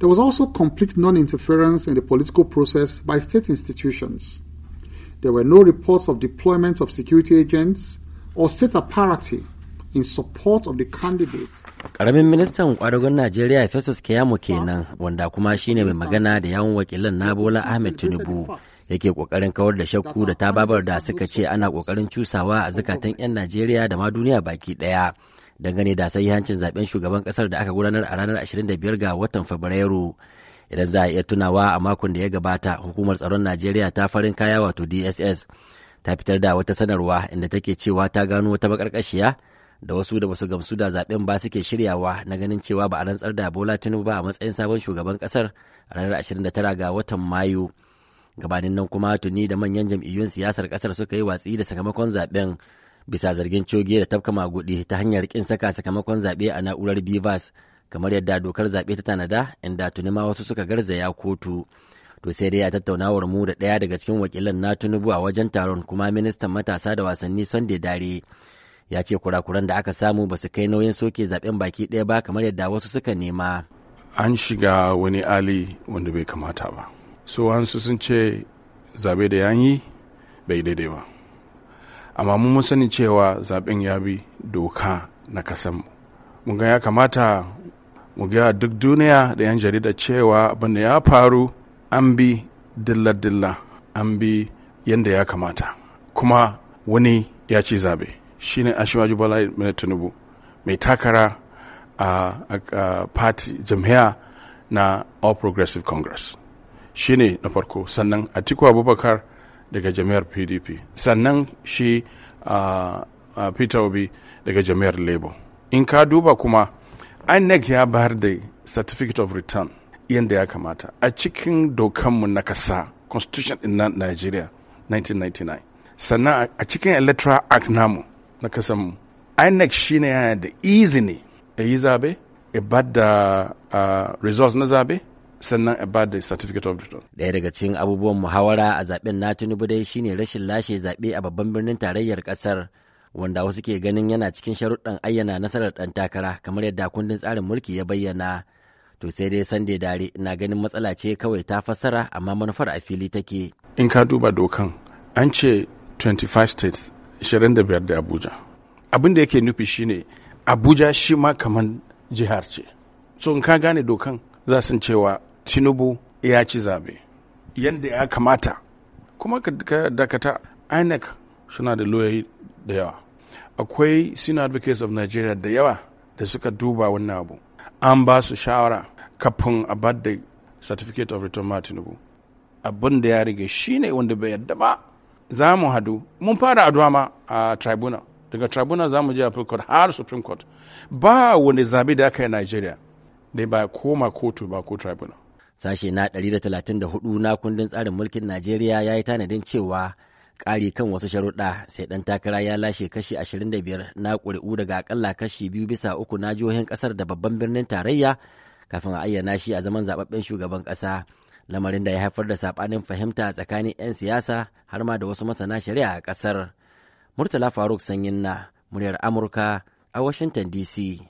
There was also complete non interference in the political process by state institutions. There were no reports of deployment of security agents or state apparatus in support of the candidate. ministan kwadagon Najeriya Festus kenan wanda kuma mai magana da yawon Ahmed Tinubu yake kawar da shakku da tababar da suka ce ana cusawa a zukatan 'yan Najeriya da ma duniya baki dangane da hancin zaben shugaban kasar da aka gudanar a ranar 25 ga watan Fabrairu. Idan za a iya tunawa a makon da ya gabata hukumar tsaron Najeriya ta farin kaya wato DSS ta fitar da wata sanarwa inda take cewa ta gano wata makarkashiya da wasu da basu gamsu da zaben ba suke shiryawa na ganin cewa ba a rantsar da Bola Tinubu ba a matsayin sabon shugaban kasar a ranar 29 ga watan Mayu. Gabanin nan kuma tuni da manyan jam'iyyun siyasar kasar suka yi watsi da sakamakon zaben bisa zargin coge da tafka magudi ta hanyar kin saka sakamakon zaɓe a na'urar bivas kamar yadda dokar zaɓe ta tanada inda tuni ma wasu suka garzaya kotu to sai dai a tattaunawar mu da ɗaya daga cikin wakilan na tunubu a wajen taron kuma ministan matasa da wasanni sunday dare ya ce kurakuran da aka samu ba su kai nauyin soke zaben baki ɗaya ba kamar yadda wasu suka nema an shiga wani ali wanda bai kamata ba so su sun ce zabe da yanyi bai daidai ba amma mun sani cewa zaben ya bi doka na kasan mu ga ya kamata mu ga duk duniya da yan jarida cewa abin da ya faru an bi dilla-dilla an bi yadda ya kamata kuma wani ya ci zabe shine ashimaju bala mai tunubu mai takara a party jam'iyya na all progressive congress shine na farko sannan atiku abubakar daga jami'ar pdp sannan shi uh, uh, peter obi daga jami'ar labour in ka duba kuma inec ya bayar da certificate of return yadda ya kamata a cikin dokanmu na kasa constitution in na nigeria 1999 sannan a cikin electoral act namu na kasanmu inec shine yana da izini a yi zabe a bada uh, results na zabe sannan a ba da certificate of return. Daya daga cikin abubuwan muhawara a zaben na Tinubu dai shine rashin lashe zaɓe a babban birnin tarayyar ƙasar wanda wasu ke ganin yana cikin sharuɗan ayyana nasarar ɗan takara kamar yadda kundin tsarin mulki ya bayyana. To sai dai Sande Dare na ganin matsala ce kawai ta fassara amma manufar a fili take. In ka duba dokan an ce 25 states 25 da Abuja. Abin da yake nufi shine Abuja shi ma kamar jihar ce. So in ka gane dokan za san cewa tinubu ya ci zabe yadda ya kamata kuma ka dakata inec suna da lawyer da yawa akwai senior advocates of nigeria da yawa da suka duba wannan abu an ba su shawara kafin a bar da certificate of return ma tinubu abin da ya rige ne wanda bai yadda ba za mu hadu mun fara addu'a ma a tribunal daga tribunal za mu je appeal court har supreme court ba wani zabe da aka yi nigeria dai ba koma kotu ba ko tribunal Sashe na 134 na kundin tsarin mulkin Najeriya ya yi tanadin cewa ƙari kan wasu sharuɗa sai ɗan takara ya lashe kashi 25 na ƙuri'u daga akalla kashi biyu bisa uku na jihohin ƙasar da babban birnin tarayya kafin a ayyana shi a zaman zababben shugaban ƙasa lamarin da ya haifar da saɓanin fahimta tsakanin 'yan siyasa har ma da wasu masana shari'a a ƙasar. Murtala Faruk Sanyin na muryar Amurka a Washington DC.